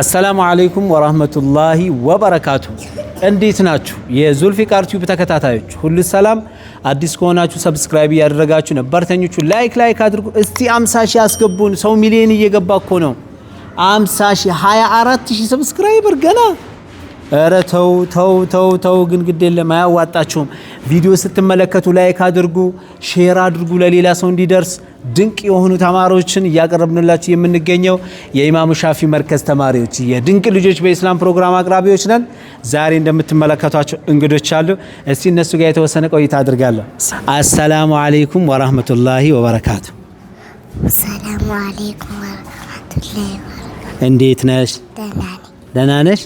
አሰላሙ አለይኩም ወራህመቱላሂ ወበረካቱ። እንዴት ናችሁ የዙልፊቃር ቲዩብ ተከታታዮች ሁሉ ሰላም? አዲስ ከሆናችሁ ሰብስክራይብ እያደረጋችሁ ነበርተኞቹ ላይክ ላይክ አድርጉ። እስቲ 50 ሺህ አስገቡን። ሰው ሚሊዮን እየገባ እኮ ነው። 50 ሺህ 24 ሺህ ሰብስክራይበር ገና። ኧረ ተው ተው ተው ተው፣ ግን ግድ የለም አያዋጣችሁም። ቪዲዮ ስትመለከቱ ላይክ አድርጉ፣ ሼር አድርጉ ለሌላ ሰው እንዲደርስ። ድንቅ የሆኑ ተማሪዎችን እያቀረብንላችሁ የምንገኘው የኢማሙ ሻፊ መርከዝ ተማሪዎች የድንቅ ልጆች በኢስላም ፕሮግራም አቅራቢዎች ነን። ዛሬ እንደምትመለከቷቸው እንግዶች አሉ። እስቲ እነሱ ጋር የተወሰነ ቆይታ አድርጋለሁ። አሰላሙ አለይኩም ወራህመቱላሂ ወበረካቱ። ሰላሙ አለይኩም ወራህመቱላሂ እንዴት ነሽ? ደህና ነሽ?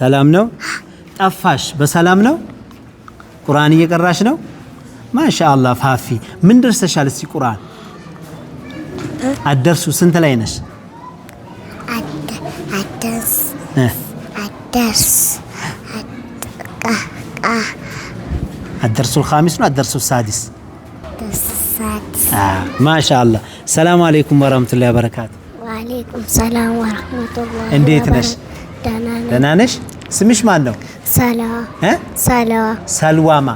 ሰላም ነው? ጠፋሽ። በሰላም ነው? ቁርአን እየቀራሽ ነው? ማሻአላህ ፋፊ ምን ደርሰሻል? እስቲ ቁርአን አደርሱ ስንት ላይ ነሽ? አደርስ አደርስ አደርሱል ኻሚስ ነው አደርሱል ሳዲስ ማሻአላህ። ሰላም አለይኩም ወራህመቱላሂ ወበረካቱ። ወአለይኩም ሰላም ወራህመቱላሂ። እንዴት ነሽ? ደህና ነሽ? ስምሽ ማን ነው? ሰልዋማ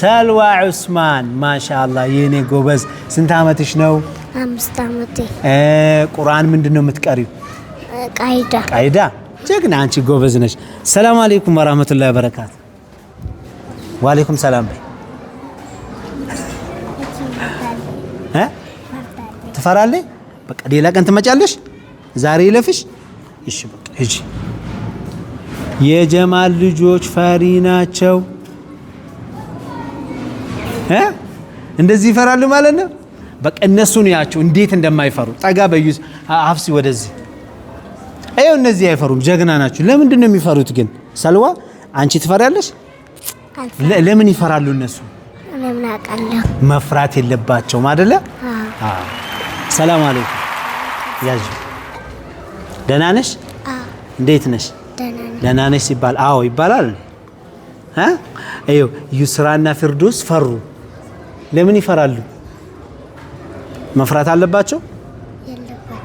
ሰልዋ ዑስማን ማሻአላ የእኔ ጎበዝ። ስንት ዓመትሽ ነው? አምስት ቁርአን ምንድን ነው የምትቀሪው? ቃይዳ። ቃይዳ ጀግና አንቺ ጎበዝ ነሽ። ሰላም አለይኩም ወራህመቱላሂ ወበረካቱ። ወአለይኩም ሰላም። ትፈራለሽ? በቃ ሌላ ቀን ትመጫለሽ። ዛሬ ይለፍሽ። እሺ በቃ የጀማል ልጆች ፈሪ ናቸው። እንደዚህ ይፈራሉ ማለት ነው። በቃ እነሱን ያቸው እንዴት እንደማይፈሩ ጠጋ በዩ አፍሲ ወደዚህ ይኸው፣ እነዚህ አይፈሩም፣ ጀግና ናቸው። ለምንድን ነው የሚፈሩት ግን? ሰልዋ አንቺ ትፈሪያለሽ? ለምን ይፈራሉ እነሱ? መፍራት የለባቸውም አደለ? ሰላም አለይኩም። ያዥ ደህና ነሽ? እንዴት ነሽ? ደህና ነሽ ሲባል አዎ ይባላል። ዩስራና ፊርዶስ ፈሩ። ለምን ይፈራሉ? መፍራት አለባቸው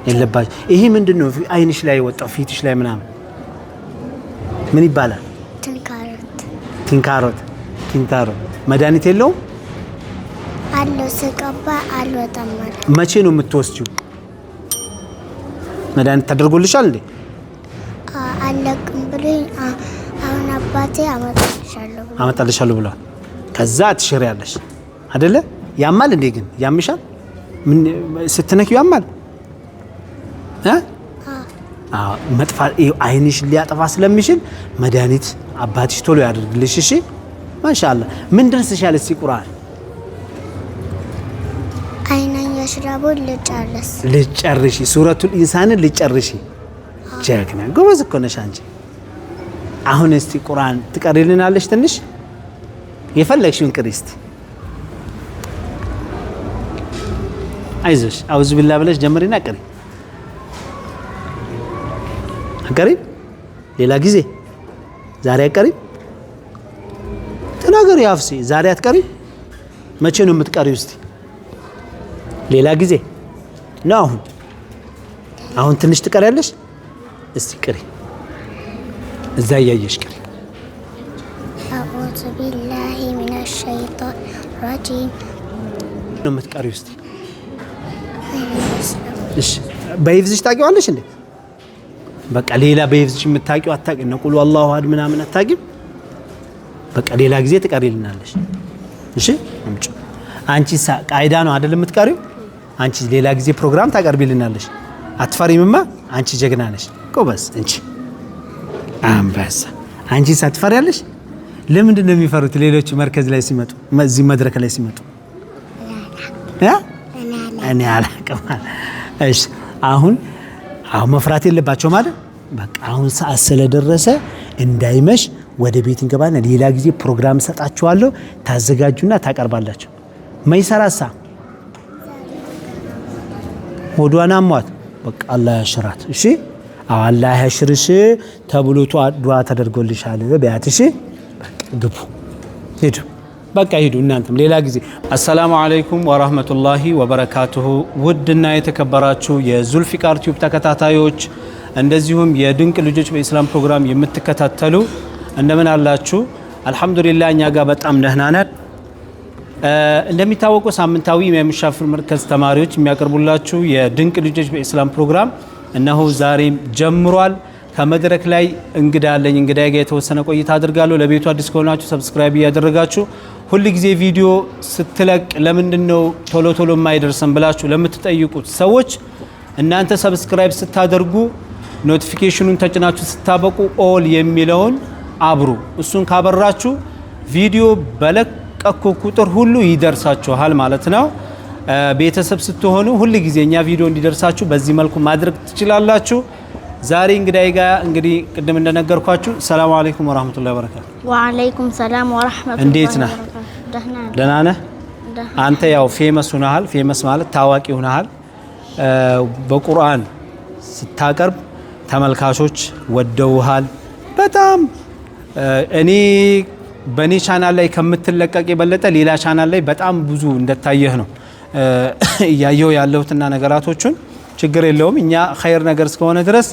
የለባቸው? ይሄ ምንድን ነው? አይንሽ ላይ ወጣው ፊትሽ ላይ ምናምን ምን ይባላል? ቲንካሮት ቲንካሮት መድኃኒት የለውም አለው። ስቀባ አልወጣም። መቼ ነው የምትወስጂው? መድኃኒት ተደርጎልሻል እንዴ? ብሎኝ አሁን አባቴ አመጣልሻለሁ አመጣልሻለሁ ብሏል። ከዛ ትሽሪያለሽ አይደለ? ያማል እንዴ ግን ያምሻል? ስትነኪው ያማል? መጥፋት አይንሽ ሊያጠፋ ስለሚችል መድኃኒት አባትሽ ቶሎ ያደርግልሽ። እሺ ማሻአላ። ምን ደርስሻል? እስቲ ቁርአን ልጨርሽ፣ ሱረቱል ኢንሳንን ልጨርሽ። ጀግና ጎበዝ እኮ ነሽ አንቺ። አሁን እስቲ ቁርአን ትቀሪልናለች ትንሽ የፈለግሽውን ቅሪ እስቲ። አይዞሽ አውዝ ቢላ ብለሽ ጀምሪና ቅሪ አቀሪ። ሌላ ጊዜ ዛሬ አቀሪ ተናገሪ። አፍሲ ዛሬ አትቀሪ። መቼ ነው የምትቀሪው? እስቲ ሌላ ጊዜ ነው። አሁን አሁን ትንሽ ትቀሪያለሽ። እስቲ ቅሪ እዛ እያየሽ ቀሪ አዑዙ ቢላሂ ሚነ ሸይጣን ረጂም ነው የምትቀሪ እስኪ እሺ፣ በይፍዝሽ ታውቂዋለሽ እንዴ? በቃ ሌላ በይፍዝሽ የምታውቂው አታውቂም ነው። ቁል አላሁ አሐድ ምናምን አታውቂም። በቃ ሌላ ጊዜ ትቀሪልናለሽ። እሺ፣ አንቺ ቃይዳ ነው አይደል የምትቀሪው? አንቺ ሌላ ጊዜ ፕሮግራም ታቀርቢልናለሽ። አትፈሪምማ። አንቺ ጀግና ነሽ። ቆበስ እንቺ አንበሳ። አንቺ ሳት ትፈሪያለሽ? ለምንድን ነው የሚፈሩት ሌሎች መርከዝ ላይ ሲመጡ፣ እዚህ መድረክ ላይ ሲመጡ? እኔ አላቅም። እሺ አሁን አሁን መፍራት የለባቸው ማለት በቃ አሁን ሰዓት ስለደረሰ እንዳይመሽ ወደ ቤት እንገባለን። ሌላ ጊዜ ፕሮግራም ሰጣችኋለሁ፣ ታዘጋጁና ታቀርባላችሁ። መይሰራሳ ሆዷን አሟት፣ በቃ አላህ እሺ አላህ ያሽርሽ ተብሎ ዱዓ ተደርጎልሻል። በያትሽ ግቡ፣ ሂዱ፣ በቃ ሂዱ። እናንተም ሌላ ጊዜ። አሰላሙ አለይኩም ወራህመቱላሂ ወበረካቱሁ። ውድና የተከበራችሁ የዙልፊቃር ቲዩብ ተከታታዮች እንደዚሁም የድንቅ ልጆች በኢስላም ፕሮግራም የምትከታተሉ እንደምን አላችሁ? አልሐምዱሊላህ እኛ ጋር በጣም ደህና ነን። እንደሚታወቁ ሳምንታዊ የኢማም መርከዝ ተማሪዎች የሚያቀርቡላችሁ የድንቅ ልጆች በኢስላም ፕሮግራም እነሆ ዛሬም ጀምሯል። ከመድረክ ላይ እንግዳ አለኝ። እንግዳ ጋር የተወሰነ ቆይታ አድርጋለሁ። ለቤቱ አዲስ ከሆናችሁ ሰብስክራይብ እያደረጋችሁ ሁል ጊዜ ቪዲዮ ስትለቅ ለምንድን ነው ቶሎ ቶሎ የማይደርሰን ብላችሁ ለምትጠይቁት ሰዎች እናንተ ሰብስክራይብ ስታደርጉ ኖቲፊኬሽኑን ተጭናችሁ ስታበቁ ኦል የሚለውን አብሩ። እሱን ካበራችሁ ቪዲዮ በለቀኩ ቁጥር ሁሉ ይደርሳችኋል ማለት ነው። ቤተሰብ ስትሆኑ ሁል ጊዜ እኛ ቪዲዮ እንዲደርሳችሁ በዚህ መልኩ ማድረግ ትችላላችሁ። ዛሬ እንግዳይ ጋር እንግዲህ ቅድም እንደነገርኳችሁ ሰላም አለይኩም ወራህመቱላሂ ወበረካቱ። ወአለይኩም ሰላም ወራህመቱላሂ። እንዴት ነህ? ደህና ነህ? አንተ ያው ፌመስ ሆነሃል። ፌመስ ማለት ታዋቂ ሆነሃል። በቁርአን ስታቀርብ ተመልካቾች ወደውሃል በጣም እኔ በእኔ ቻናል ላይ ከምትለቀቅ የበለጠ ሌላ ቻናል ላይ በጣም ብዙ እንደታየህ ነው እያየው ያለሁትና ነገራቶቹን ችግር የለውም። እኛ ኸይር ነገር እስከሆነ ድረስ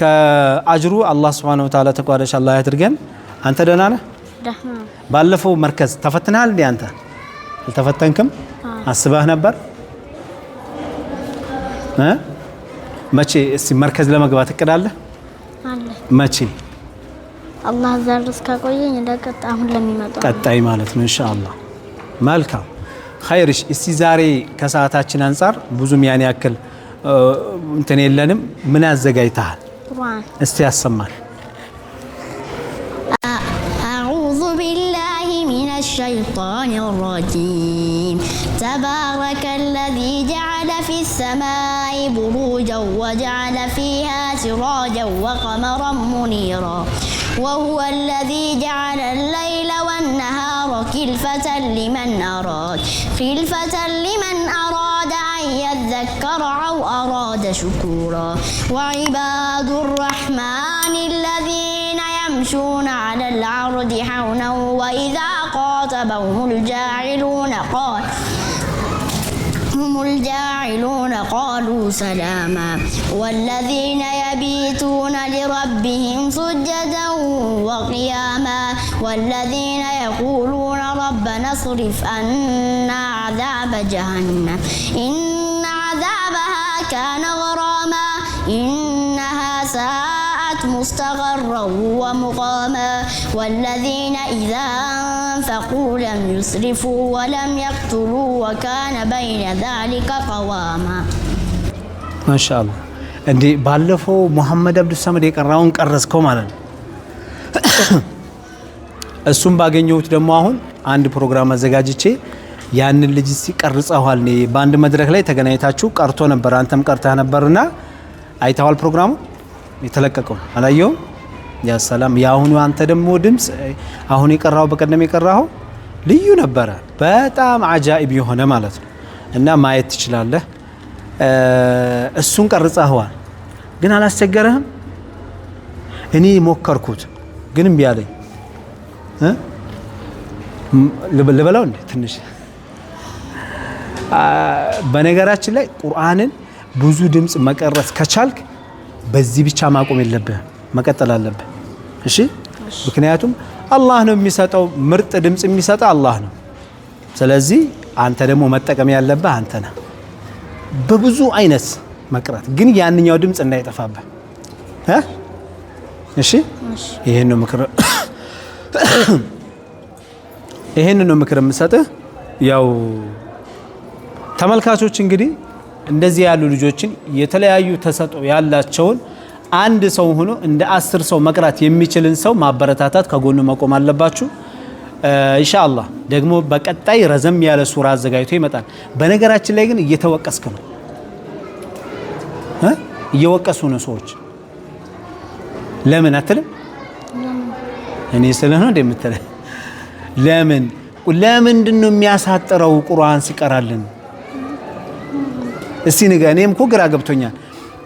ከአጅሩ አላህ ስብሃነ ወተዓላ ተቋዳሽ አላህ ያድርገን። አንተ ደህና ነህ? ባለፈው መርከዝ ተፈትነሃል እንዴ? አንተ አልተፈተንክም? አስበህ ነበር? መቼ እስቲ መርከዝ ለመግባት እቅዳለህ? መቼ አላህ ዛሬ እስካቆየኝ ለቀጣይ አሁን ቀጣይ ማለት ነው። ኢንሻአላህ መልካም خيرش استيزاري كساعات أنصار بزوم يعني أكل انتني لنم من الزجاي تعال استي السمان أعوذ بالله من الشيطان الرجيم تبارك الذي جعل في السماء بروجا وجعل فيها سراجا وقمرا منيرا وهو الذي جعل الليل والنهار خلفة لمن أراد خلفة لمن أراد أن يذكر أو أراد شكورا وعباد الرحمن الذين يمشون على الأرض حونا وإذا قاتبهم الجاعلون قال هم الجاعلون قالوا سلاما والذين يبيتون لربهم سجدا وقياما والذين يقولون ربنا اصرف عنا عذاب جهنم إن عذابها كان غراما إنها ساءت مستقرا ومقاما والذين إذا أنفقوا لم يسرفوا ولم يقتلوا وكان بين ذلك قواما ما شاء الله እንዴ ባለፈው ሙሐመድ አብዱሰመድ የቀራውን ቀረስከው ማለት ነው። እሱም ባገኘሁት ደግሞ አሁን አንድ ፕሮግራም አዘጋጅቼ ያንን ልጅ ሲቀርጸዋል። በአንድ መድረክ ላይ ተገናኝታችሁ ቀርቶ ነበር፣ አንተም ቀርተህ ነበርና አይተዋል። ፕሮግራሙ የተለቀቀው አላየውም። ያ ሰላም፣ የአሁኑ አንተ ደግሞ ድምፅ አሁን የቀራው በቀደም የቀራው ልዩ ነበረ፣ በጣም አጃኢብ የሆነ ማለት ነው። እና ማየት ትችላለህ። እሱን ቀርጸኸዋል፣ ግን አላስቸገረህም? እኔ ሞከርኩት፣ ግን እምቢ አለኝ። ልበላው እንዴ ትንሽ። በነገራችን ላይ ቁርአንን ብዙ ድምፅ መቀረጽ ከቻልክ በዚህ ብቻ ማቆም የለብህም፣ መቀጠል አለብህ። እሺ፣ ምክንያቱም አላህ ነው የሚሰጠው። ምርጥ ድምፅ የሚሰጠ አላህ ነው። ስለዚህ አንተ ደግሞ መጠቀም ያለብህ አንተ ነህ። በብዙ አይነት መቅረት ግን ያንኛው ድምፅ እንዳይጠፋብህ እ እሺ ይሄን ነው ምክር ይሄን ነው ምክር የምሰጥህ። ያው ተመልካቾች እንግዲህ እንደዚህ ያሉ ልጆችን የተለያዩ ተሰጥኦ ያላቸውን አንድ ሰው ሆኖ እንደ አስር ሰው መቅራት የሚችልን ሰው ማበረታታት ከጎኑ መቆም አለባችሁ። ኢንሻአላህ ደግሞ በቀጣይ ረዘም ያለ ሱራ አዘጋጅቶ ይመጣል። በነገራችን ላይ ግን እየተወቀስክ ነው፣ እየወቀሱ ነው ሰዎች። ለምን አትልም? እኔ ስለ ነው እንደምትለኝ ለምን ለምንድን ነው የሚያሳጥረው? ቁርአን ሲቀራልን እስቲ ንገ እኔም እኮ ግራ ገብቶኛል።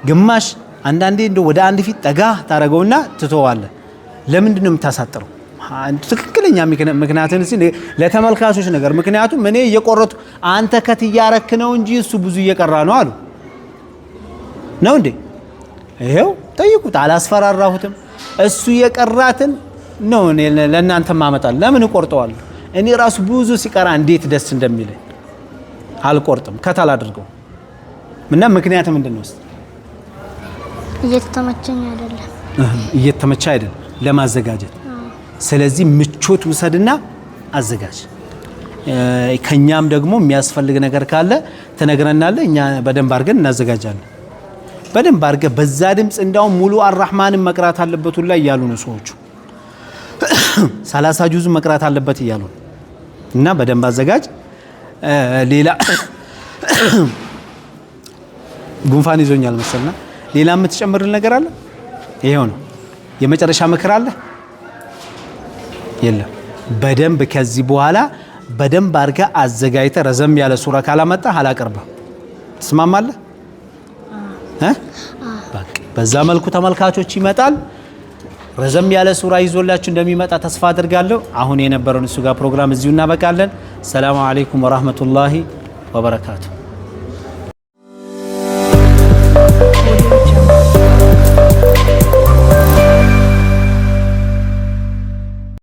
ግማሽ አንዳንዴ እንደው ወደ አንድ ፊት ጠጋ ታደርገውና ትተዋለ። ለምንድን ነው የምታሳጥረው? ትክክለኛ ምክንያትን ለተመልካቾች ነገር ምክንያቱም እኔ እየቆረጡ አንተ ከት እያረክ ነው እንጂ እሱ ብዙ እየቀራ ነው አሉ። ነው እንዴ? ይሄው ጠይቁት። አላስፈራራሁትም። እሱ የቀራትን ነው እኔ ለእናንተ ማመጣል። ለምን እቆርጠዋለሁ? እኔ ራሱ ብዙ ሲቀራ እንዴት ደስ እንደሚለኝ አልቆርጥም። ከታል አድርገው እና ምክንያት ምንድን ነው? እየተመቸኝ አይደለም፣ እየተመቸ አይደለም ለማዘጋጀት ስለዚህ ምቾት ውሰድና አዘጋጅ። ከኛም ደግሞ የሚያስፈልግ ነገር ካለ ትነግረናለህ። እኛ በደንብ አድርገን እናዘጋጃለን። በደንብ አድርገህ በዛ ድምፅ እንዳውም ሙሉ አራህማንን መቅራት አለበት ሁላ እያሉ ነው ሰዎቹ። ሰላሳ ጁዝ መቅራት አለበት እያሉ ነው። እና በደንብ አዘጋጅ። ሌላ ጉንፋን ይዞኛል መሰልና ሌላ የምትጨምርል ነገር አለ? ይሄው ነው የመጨረሻ ምክር አለ። የለም። በደንብ ከዚህ በኋላ በደንብ አድርጋ አዘጋጅተ ረዘም ያለ ሱራ ካላመጣ አላቀርብም። ትስማማለህ? በዛ መልኩ ተመልካቾች ይመጣል። ረዘም ያለ ሱራ ይዞላችሁ እንደሚመጣ ተስፋ አድርጋለሁ። አሁን የነበረውን እሱ ጋር ፕሮግራም እዚሁ እናበቃለን። ሰላሙ አለይኩም ወራህመቱላሂ ወበረካቱ።